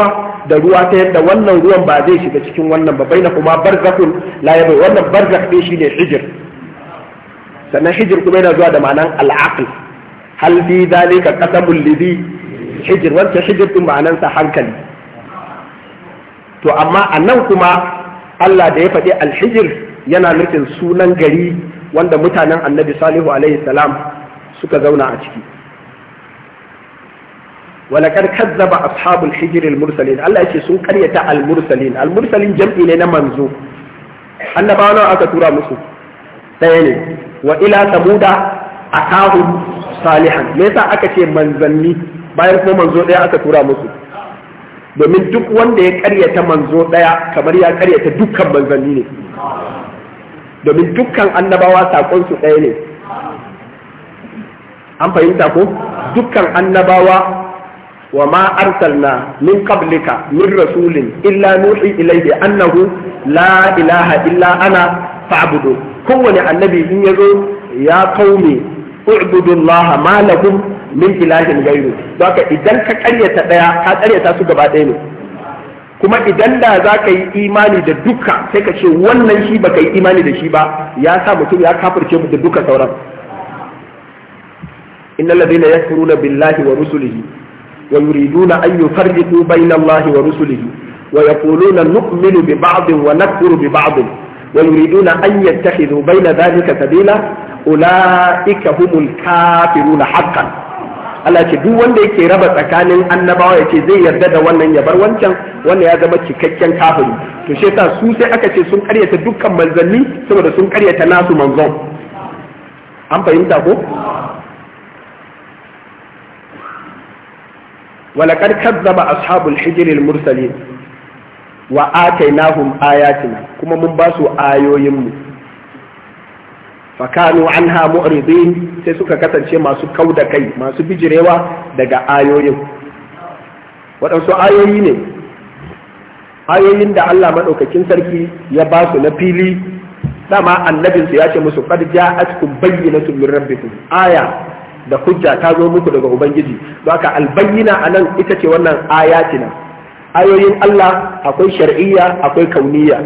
Speaker 1: da ruwa ta yadda wannan ruwan ba zai shiga cikin wannan ba baina kuma barzakun la yabai wannan barzak din shine hijir sannan hijir kuma yana zuwa da ma'anan al'aql hal fi zalika qasabul lidhi hijir wancan hijir din ma'anar sa hankali to amma a nan kuma Allah da ya faɗi alhijir yana nufin sunan gari wanda mutanen annabi salihu alaihi salam suka zauna a ciki walakar kazzaba ashabul hijr al-mursalin Allah yake sun karyata al-mursalin al-mursalin jam'i ne na manzo annabawa nawa aka tura musu ɗaya ne wa ila samuda akahu salihan me yasa aka ce manzanni bayan kuma manzo ɗaya aka tura musu domin duk wanda ya karyata manzo ɗaya kamar ya karyata dukkan manzanni ne domin dukkan annabawa su ɗaya ne an fahimta ko dukkan annabawa wa ma arsalna min qablika min rasulin illa nuhi ilayhi annahu la ilaha illa ana fa'budu kowane annabi in yazo ya qaumi u'budu allaha ma lakum min ilahin gairu don haka idan ka karyata daya ka karyata su gaba ɗaya ne kuma idan da za ka yi imani da duka sai ka ce wannan shi baka yi imani da shi ba ya sa mutum ya kafirce mu da duka sauran innal ladina yakfuruna billahi wa rusulihi wa yuriduna an yufarriqu baina allahi wa rusulihi wa yaquluna nu'minu bi ba'din wa nakfuru bi ba'din wa yuriduna an yattakhidhu bayna dhalika sabila ulaika humul kafiruna haqqan Allah ce duk wanda yake raba tsakanin annabawa ya ce zai yarda da wannan ya bar wancan wanda ya zama cikakken kafiri to shi yasa su sai aka ce sun karyata dukkan manzanni saboda sun karyata nasu manzon an fahimta ko ولقد كذب أصحاب الحجر المرسلين وآتيناهم آياتنا كما من باسوا آيوهم fakanu anha mu'ridin sai suka kasance masu kau da kai masu bijirewa daga ayoyin waɗansu ayoyi ne ayoyin da Allah maɗaukakin sarki ya ba su na fili dama annabinsu ya ce musu qad ja'atkum bayyinatun min rabbikum aya da hujja ta zo muku daga ubangiji haka a anan ita ce wannan ayatina ayoyin Allah akwai shar'iyya akwai kauniyya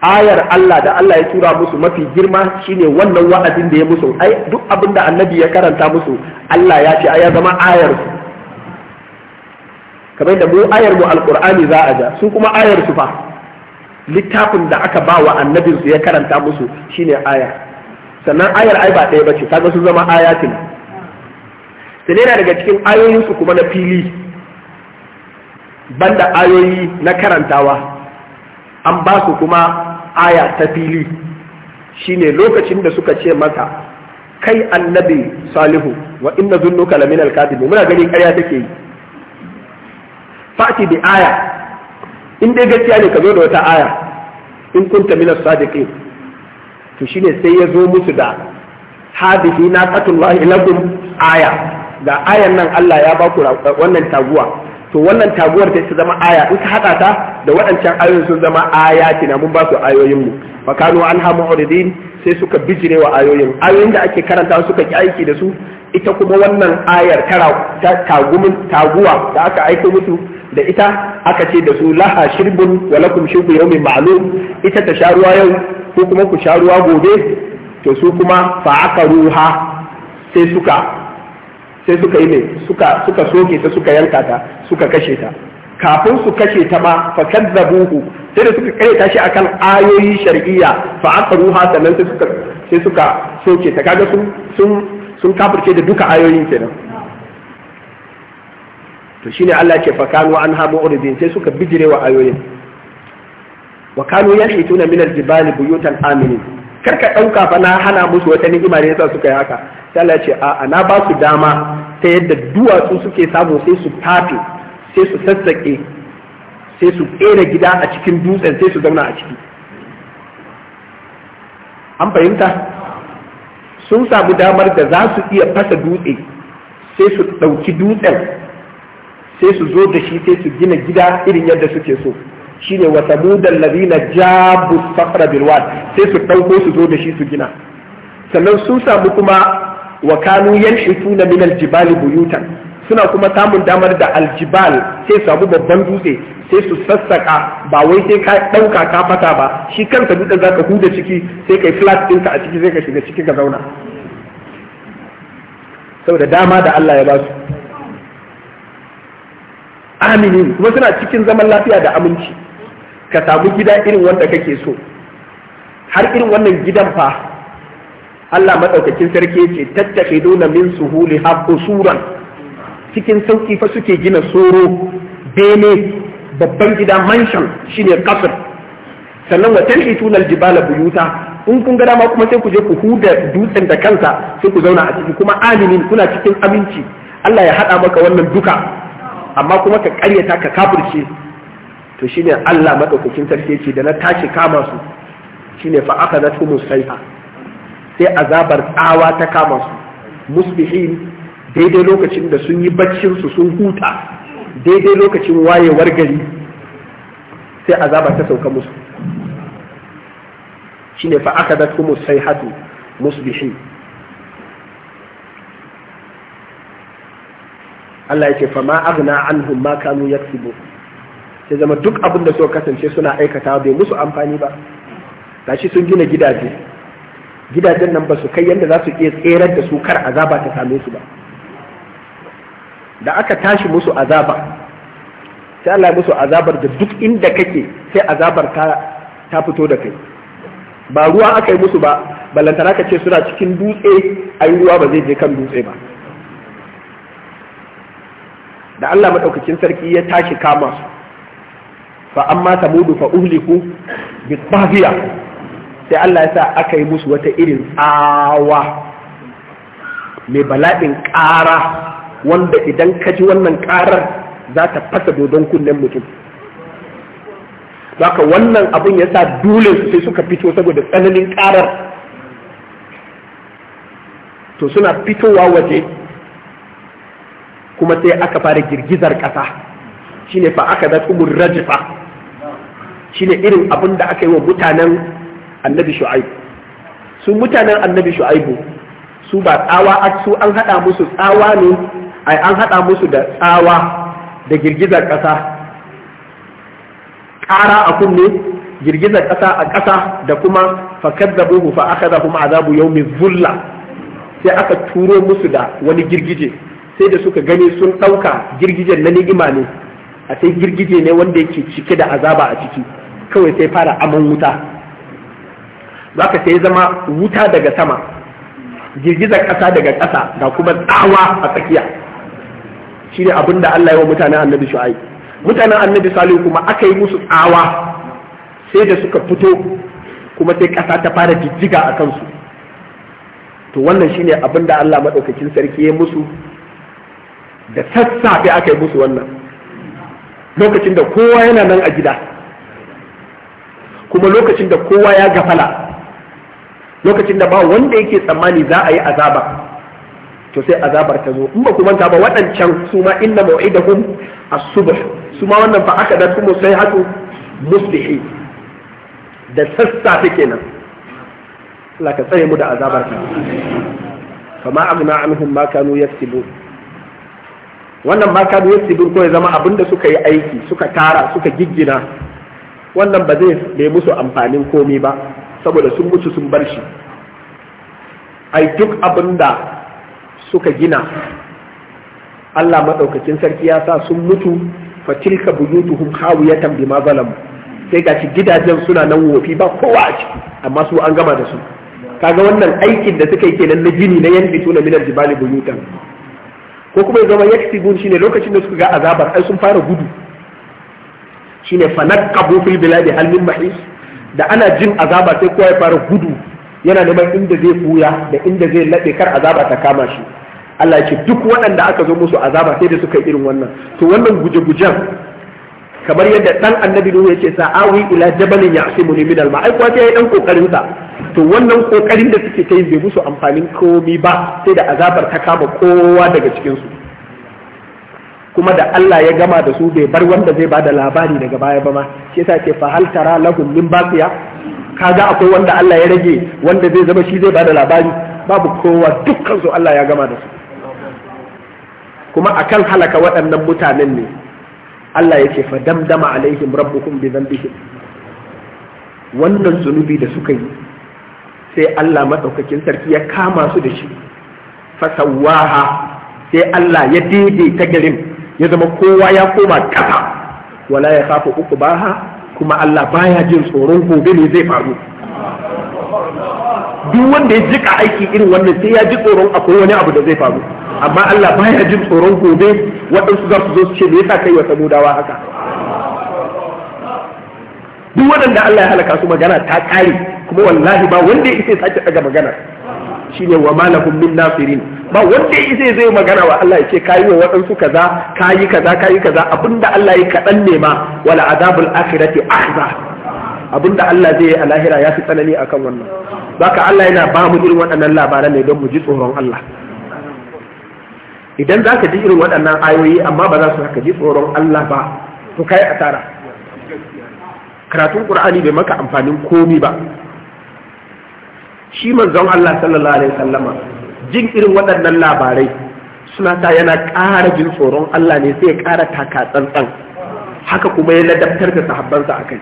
Speaker 1: ayar Allah da Allah ya tura musu mafi girma shine wannan wa'azin da ya musu ai duk abin da annabi ya karanta musu Allah ya ce ai ya zama ayar su kamar da mu ayar mu alqur'ani za a ja su kuma ayar su fa littafin da aka ba wa annabin su ya karanta musu shine aya sannan ayar ai ba ɗaya bace kaga su zama ayatin sai yana daga cikin ayoyin su kuma na fili banda ayoyi na karantawa an ba su kuma aya ta fili shine lokacin da suka ce mata, kai annabi salihu wa inna zunnuka lamin ne, muna gani ƙarya take yi fati bi aya in dai gaskiya ne ka zo da wata aya in kunta min as-sadiqin to shine sai ya zo musu da na qatullahi lakum aya ga ayan nan Allah ya ba ku wannan taguwa to wannan taguwar ta zama aya in ka haɗa ta da waɗancan ayoyin sun zama aya na mun ba su ayoyin mu fa kanu anha mu'ridin sai suka bijire wa ayoyin ayoyin da ake karanta suka ki aiki da su ita kuma wannan ayar tara tagumin taguwa da aka aiko musu da ita aka ce da su laha shirbun wa lakum shirbu yawmin ma'lum ita ta sharuwa yau ko kuma ku sharuwa gobe to su kuma fa aka sai suka sai suka yi ne suka suka soke ta suka yanka ta suka kashe ta kafin su kashe ta ma fa kadzabuhu sai da suka kare ta shi akan ayoyi shar'iyya fa aqruha sannan sai suka sai suka soke ta kaga sun sun sun kafirce da duka ayoyin kenan to shine Allah ke fa kanu an ha mu'ridin sai suka bijire wa ayoyin wa kanu yanhituna min al-jibali buyutan aminin karka dauka fa na hana musu wata ni'ima ne yasa suka yi haka sai Allah ce a na ba su dama ta yadda duwatsu suke samu sai su tafi sai su sassaƙe sai su ƙera gida a cikin dutsen sai su zauna a ciki an fahimta sun samu damar da za su iya fasa dutse sai su ɗauki dutsen sai su zo da shi sai su gina gida irin yadda suke so shine wa samudan ladina jabu safra bilwad sai su ɗauko su zo da shi su gina sannan sun samu kuma wa kanu yanhifuna min aljibali buyutan suna kuma samun damar da aljibal sai su abu babban dutse sai su sassaka ba wai sai ka ɗauka ka fata ba shi kanka dutsen za ka huda ciki sai kai flat din ɗinka a ciki sai ka shiga ciki ka zauna saboda dama da Allah ya ba su aminin kuma suna cikin zaman lafiya da aminci ka samu gida irin wanda kake so har irin wannan gidan fa Allah maɗaukakin sarki ce nuna min suhuli ha usuran cikin sauki fa suke gina soro bene babban gida manshan shine kasar sannan wa tanhituna aljibala buyuta in kun ga dama kuma sai ku je ku huda dutsen da kansa sai ku zauna a ciki kuma aminin kuna cikin aminci Allah ya haɗa maka wannan duka amma kuma ka karyata ka kafirce to shine Allah madaukakin sarki ce da na tashi kama su shine fa aka zatu musaifa sai azabar tsawa ta kama su musbihin daidai lokacin da sun yi baccin su sun huta daidai lokacin wayewar gari sai azabar ta sauka musu shine fa aka sai hatu musbihin Allah yake fa ma aghna anhum ma kanu yaksubu sai zama duk abin da suka kasance suna aikata bai musu amfani ba gashi sun gina gidaje gidajen nan ba su kai yadda za su iya tserar da su kar azaba ta same su ba da aka tashi musu azaba sai Allah musu azabar da duk inda kake sai azabar ta fito da kai ba ruwa aka yi musu ba ballantana ka ce suna cikin dutse ai ruwa ba zai je kan dutse ba da Allah madaukakin sarki ya tashi kama su fa amma samudu fa uhliku bi sai Allah ya sa aka yi musu wata irin tsawa mai bala'in ƙara wanda idan ka ji wannan ƙarar za ta fasa dodon kunnen mutum haka wannan abin ya sa dole sai suka fito saboda tsananin ƙarar to suna fitowa waje kuma sai aka fara girgizar ƙasa shine fa aka da rajifa shine irin abin da aka yi wa mutanen annabi shu'aib su mutanen annabi shu'aibu su ba tsawa su an haɗa musu tsawa ne ai an haɗa musu da tsawa da girgizar ƙasa
Speaker 3: ƙara a kunne
Speaker 1: girgizar ƙasa a ƙasa da kuma fa kadzabuhu fa akhadhahum adhabu yawmi zulla sai aka turo musu da wani girgije sai da suka gani sun ɗauka girgijen na ni'ima ne a sai girgije ne wanda yake cike da azaba a ciki kawai sai fara aman wuta za ka sai zama wuta daga sama girgizar ƙasa daga ƙasa ga kuma tsawa a tsakiya shi ne abin da Allah yi wa mutanen annabi shu'ai mutanen annabi salihu kuma aka yi musu tsawa sai da suka fito kuma sai ƙasa ta fara jijjiga a kansu to wannan ne abin da Allah maɗaukakin sarki ya musu da sassafe aka yi musu wannan lokacin da kowa yana nan a gida kuma lokacin da kowa ya gafala lokacin da ba wanda yake tsammani za a yi azaba to sai azabar ta zo in ba ku manta ba waɗancan su ma inna mau'idahum as-subh su ma wannan fa aka da kuma sai hatu muslihi da sassafe kenan Allah ka tsare mu da azabar ka fama amna anhum ma kanu yaktubu wannan ma kanu yaktubu ko ya zama abinda suka yi aiki suka tara suka giggina wannan ba zai bai musu amfanin komai ba saboda sun mutu sun bar shi ai duk abin da suka gina Allah maɗaukakin sarki ya sa sun mutu fatilka buyutuhum khawiyatan bima zalam sai gashi gidajen suna nan wofi ba kowa a ciki amma su an gama da su kaga wannan aikin da suka yi kenan na gini na yan tuna minar jibali buyutan ko kuma ya zama gun shine lokacin da suka ga azabar ai sun fara gudu shine fanaqabu fil biladi hal min mahis da ana jin azaba sai kowa ya fara gudu yana neman inda zai buya da inda zai laɓe kar azaba ta kama shi Allah ya ce duk waɗanda aka zo musu azaba sai da suka yi irin wannan to wannan guje-gujen kamar yadda dan annabi Nuhu yake sa awi ila jabalin ya'simu ni ma. Ai kwa sai dan kokarin sa to wannan kokarin da suke ta yi bai musu amfanin komi ba sai da azabar ta kama kowa daga cikin su kuma da Allah ya gama da su bai bar wanda zai bada labari daga baya ba ma shi yasa ke fa hal tara lahum min baqiya kaga akwai wanda Allah ya rage wanda zai zama shi zai bada labari babu kowa dukkan su Allah ya gama da su kuma akan halaka waɗannan mutanen ne Allah ya ce fa damdama alaihim rabbukum bi dhanbihim wannan zunubi da suka yi sai Allah madaukakin sarki ya kama su da shi fasawaha sai Allah ya ta garin ya zama kowa ya koma kasa wala ya kafa uku baha kuma Allah baya jin tsoron gobe ne zai faru
Speaker 3: duk wanda ya jika aiki
Speaker 1: irin wannan sai ya ji tsoron akwai wani abu da zai faru amma Allah baya jin tsoron gobe waɗansu za su zo su ce me yasa kai wa samudawa haka duk waɗanda Allah ya halaka su magana ta kare kuma wallahi ba wanda ya isa sake daga magana shine wa malakum min nasirin ba wanda zai zai magana wa Allah ya ce kayi wa waɗansu kaza kayi kaza kayi kaza abinda Allah ya kaɗan ne ma wala azabul akhirati akhza abinda Allah zai yi a lahira ya fi tsanani akan wannan baka Allah yana ba mu irin waɗannan labaran ne don mu ji tsoron Allah idan za ka ji irin waɗannan ayoyi amma ba za su ka ji tsoron Allah ba to kai asara karatun Qur'ani bai maka amfanin komi ba shi manzon Allah sallallahu alaihi sallama jin irin waɗannan labarai suna sa yana ƙara jin tsoron Allah ne sai ya ƙara taka tsantsan haka kuma ya ladabtar da sahabbansa a kai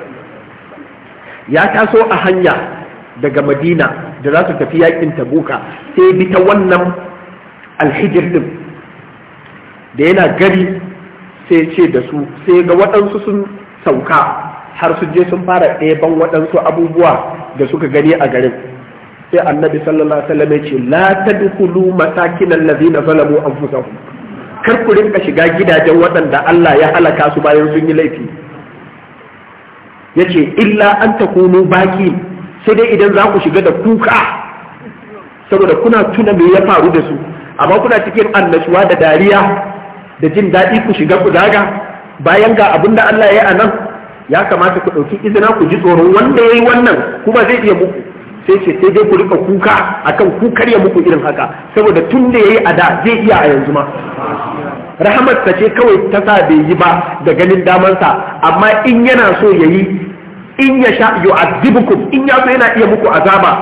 Speaker 1: ya taso a hanya daga madina da za su tafi yakin tabuka sai bi ta wannan alhijir din da yana gari sai ce da su sai ga waɗansu sun sauka har su je sun fara ɗeban waɗansu abubuwa da suka gani a garin sai annabi sallallahu alaihi wasallam ya ce la tadkhulu masakin allazina zalamu anfusahum kar ku rinka shiga gidajen waɗanda Allah ya halaka su bayan sun yi laifi yace illa an takunu baki sai dai idan za ku shiga da kuka saboda kuna tuna me ya faru da su amma kuna cikin annashuwa da dariya da jin daɗi ku shiga ku daga bayan ga abin da Allah ya yi anan ya kamata ku ɗauki izina ku ji tsoron wanda ya yi wannan kuma zai iya muku sai ce sai dai ku rika kuka akan ku karya muku irin haka saboda tun da yayi da zai iya a yanzu ma rahmat ta ce kawai ta sa bai yi ba da ganin damansa amma in yana so yayi in ya sha yo azibukum in ya so yana iya muku azaba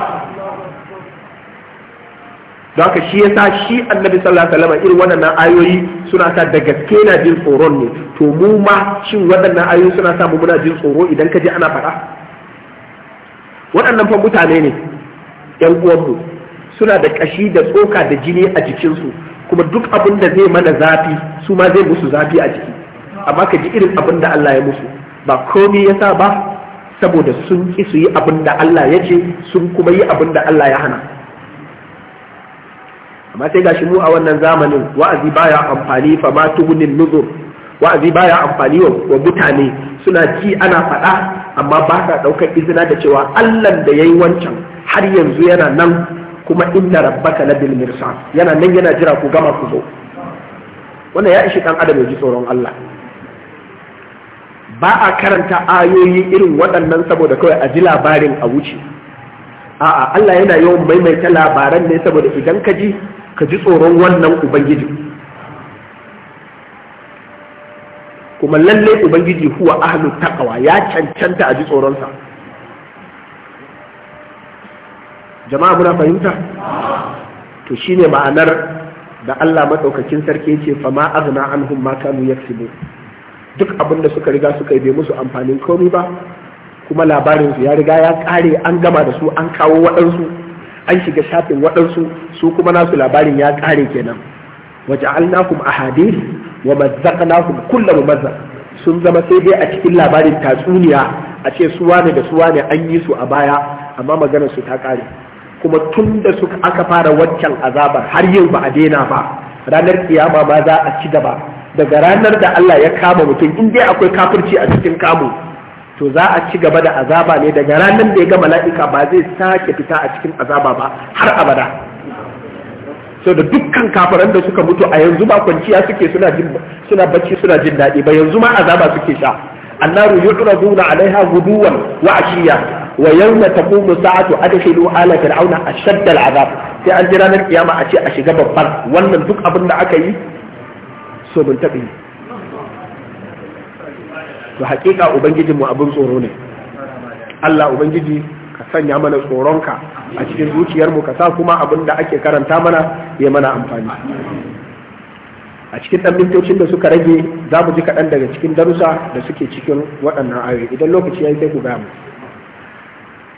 Speaker 1: don haka shi yasa shi annabi sallallahu alaihi wasallam irin waɗannan ayoyi suna sa da gaske na jin tsoron ne to mu ma shin waɗannan ayoyi suna sa mu muna jin tsoro idan ka je ana faɗa waɗannan fa mutane ne ‘yan uwanmu suna da ƙashi da tsoka da jini a jikinsu kuma duk abin da zai mana zafi su ma zai musu zafi a jiki amma ka ji irin abin da Allah ya musu ba komai ya sa ba saboda sun ki su yi abin da Allah ya ce sun kuma yi abin da Allah ya hana amma sai gashi mu a wannan zamanin wa'azi baya amfani fa ma tuhunin nuzur wa'azi baya amfani wa mutane suna ji ana faɗa amma ba sa ɗaukar izina da cewa Allah da ya yi wancan har yanzu yana nan kuma inna rabbaka na bil yana nan yana jira ku gama ku zo wannan ya ishi ɗan adam ya ji tsoron Allah ba a karanta ayoyi irin waɗannan saboda kawai a ji labarin a wuce a'a Allah yana yawan maimaita labaran ne saboda idan ka ji ka ji tsoron wannan ubangiji kuma lalle ubangiji huwa ahlu taqwa ya cancanta a ji tsoronsa jama'a muna fahimta to shine ma'anar da Allah madaukakin sarki yace fa ma azna anhum ma kanu yaksubu duk abin da suka riga suka yi bai musu amfanin komai ba kuma labarin su ya riga ya kare an gama da su an kawo waɗansu an shiga shafin waɗansu su kuma nasu labarin ya kare kenan waja'alnakum ahadith wa mazzaqnakum kullu mumazzaq sun zama sai dai a cikin labarin tatsuniya a ce su wane da su wane an yi su a baya amma maganar su ta kare kuma tun da suka aka fara waccan azabar har yau ba a daina ba ranar kiyama ma za a ci gaba daga ranar da Allah ya kama mutum in dai akwai kafirci a cikin kamu to za a ci gaba da azaba ne daga ranar da ya ga mala'ika ba zai sake fita a cikin azaba ba har abada so da dukkan kafaran da suka mutu a yanzu ba kwanciya suke suna jin suna bacci suna jin daɗi ba yanzu ma azaba suke sha annaru yu'raduna alaiha guduwan wa ashiya wa yawma taqumu sa'atu adkhilu ala fir'auna ashadda al'azab sai an jira nan kiyama a ce a shiga babban wannan duk abin da aka yi so mun tabi to hakika ubangijinmu abin tsoro ne Allah ubangiji ka sanya mana tsoronka a cikin zuciyarmu ka sa kuma abin da ake karanta mana ya mana amfani a cikin ɗan mintocin da suka rage za mu ji kaɗan daga cikin darussa da suke cikin waɗannan ayoyi idan lokaci ya yi sai ku gaya mu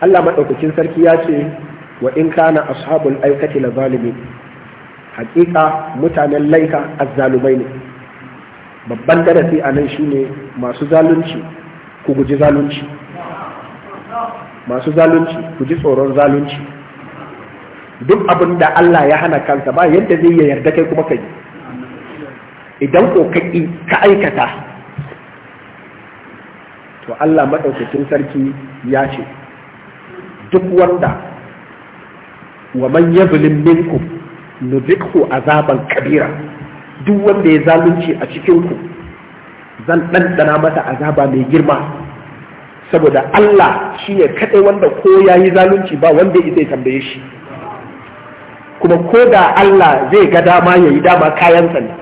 Speaker 1: Allah maɗaukakin sarki ya ce wa in kana ashabul aikati la zalimi hakika mutanen laika azzalumai ne babban darasi a nan shine masu zalunci ku guji zalunci masu zalunci ku ji tsoron zalunci duk abin da Allah ya hana kansa ba yadda zai ya yarda kai kuma kai idan ko ka aikata to Allah madaukakin sarki ya ce duk wanda wa man yazlim minkum nuzikhu azaban kabira duk wanda ya zalunci a cikin ku zan ɗanɗana masa azaba mai girma saboda Allah shi ne kaɗai wanda ko ya yi zalunci ba wanda zai tambaye shi kuma ko da Allah zai ga dama ya yi dama kayansa ne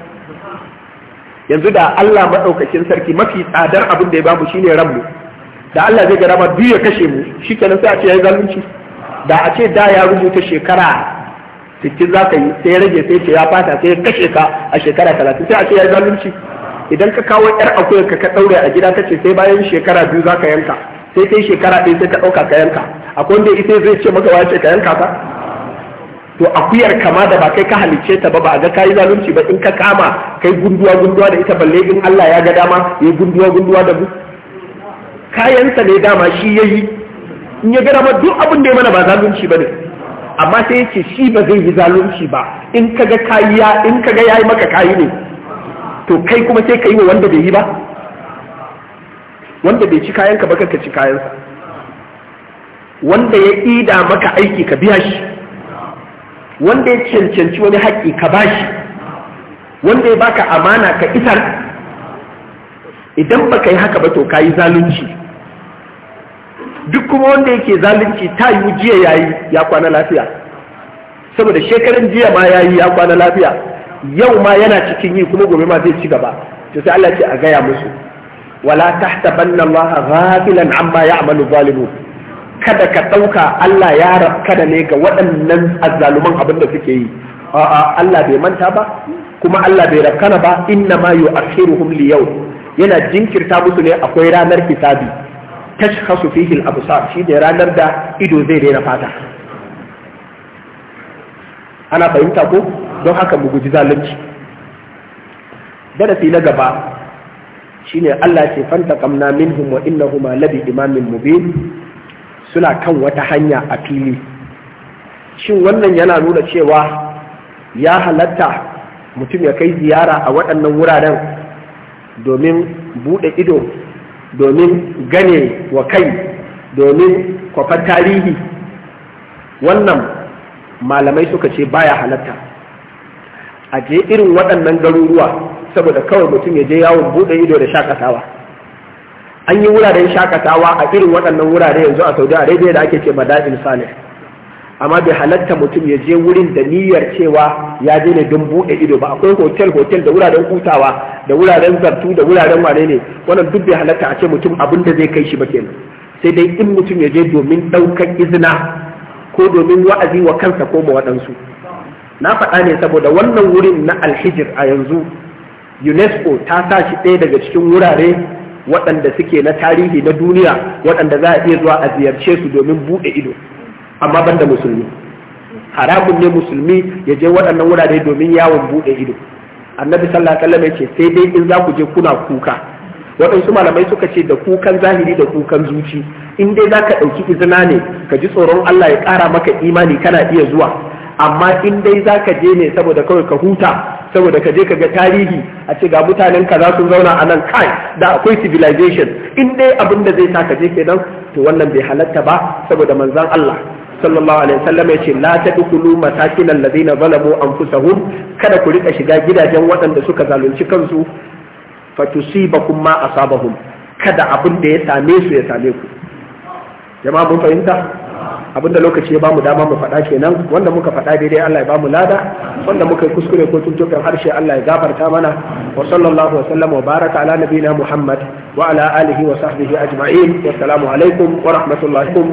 Speaker 1: yanzu da Allah maɗaukakin sarki mafi tsadar abin da ya shi ne ranmu da Allah zai ga dama duk ya kashe mu shi kenan sai a ce ya yi zalunci da a ce da ya rubuta shekara sittin za ka yi sai ya rage sai ce ya fata sai ya kashe ka a shekara talatin sai a ce ya yi zalunci idan ka kawo yar akuyar ka ka daure a gida kace sai bayan shekara biyu za ka yanka sai kai shekara ɗaya sai ka ɗauka ka yanka akwai wanda ita zai ce maka wace ka yanka ka to akuyar kama da ba kai ka halicce ta ba ba a ga kayi zalunci ba in ka kama kai gunduwa gunduwa da ita balle in Allah ya ga dama yayi gunduwa gunduwa da mu kayansa ne dama shi yayi in ya ga dama duk abin da ya mana ba zalunci ba ne amma sai yake shi ba zai yi zalunci ba in kaga kayiya in kaga yayi maka kayi ne to kai kuma sai ka yi wa wanda bai yi ba wanda bai ci kayanka ba ka ci kayansa wanda ya ida maka aiki ka biya shi wanda ya cancanci wani haƙƙi ka ba shi wanda ya baka amana ka isar idan baka yi haka ba to ka yi zalunci duk kuma wanda yake zalunci ta yi jiya yayi ya kwana lafiya saboda shekaran jiya ma yayi ya kwana lafiya yau ma yana cikin yi kuma gobe ma zai ci gaba to sai Allah ce a gaya musu wala tahtabanna Allah ghafilan amma ya'malu zalimun kada ka dauka Allah ya rabka da ne ga waɗannan azzaluman abin da suke yi a'a Allah bai manta ba kuma Allah bai rabkana ba inna ma yu'akhiruhum li yau yana jinkirta musu ne akwai ranar hisabi tashkhasu fihi al-absar shi ne ranar da ido zai daina fata ana fahimta ko don haka mu guji zalunci darasi na gaba shine Allah ce fanta kamna minhum wa innahuma labi imamin mubin suna kan wata hanya a fili shin wannan yana nuna cewa ya halatta mutum ya kai ziyara a waɗannan wuraren domin buɗe ido domin gane wa kai domin kwafar tarihi wannan malamai suka ce baya halatta a je irin waɗannan garuruwa saboda kawai mutum ya je yawon buɗe ido da shakatawa an yi wuraren shakatawa a irin waɗannan wurare yanzu a saudi arabia da ake ce ma daɗin salih amma bai halatta mutum ya je wurin da niyyar cewa ya je ne don buɗe ido ba akwai hotel hotel da wuraren hutawa da wuraren zartu da wuraren wane ne wannan duk bai halatta a ce mutum abin da zai kai shi ba kenan sai dai in mutum ya je domin ɗaukar izina ko domin wa'azi wa kansa ko ma waɗansu na faɗa ne saboda wannan wurin na alhijir a yanzu unesco ta sa shi ɗaya daga cikin wurare waɗanda suke na tarihi na duniya waɗanda za a iya zuwa a ziyarce su domin buɗe ido amma banda musulmi haramun ne musulmi ya je waɗannan wurare domin yawon buɗe ido annabi sallallahu alaihi ce sai dai in za ku je kuna kuka waɗansu malamai suka ce da kukan zahiri da kukan zuci in dai za ka ɗauki izina ne ka ji tsoron Allah ya ƙara maka imani kana iya zuwa amma in dai za ka je ne saboda kawai ka huta saboda ka je ka ga tarihi a ce ga mutanen ka za su zauna a nan kai da akwai civilization in dai abin da zai sa ka je kenan to wannan bai halatta ba saboda manzon Allah sallallahu alaihi wasallam yace la tadkhulu masakin alladhina zalamu anfusahum kada ku rika shiga gidajen waɗanda suka zalunci kansu fatusibakum ma asabahum kada abin da ya same su ya same ku jama'a mun fahimta abinda lokaci ya bamu dama mu faɗa kenan wanda muka faɗa daidai Allah ya bamu lada wanda muka yi kuskure ko tuntuɓen harshe Allah ya gafarta mana wa sallallahu wa sallam wa baraka ala nabiyina Muhammad wa ala alihi wa sahbihi ajma'in wa assalamu alaikum wa rahmatullahi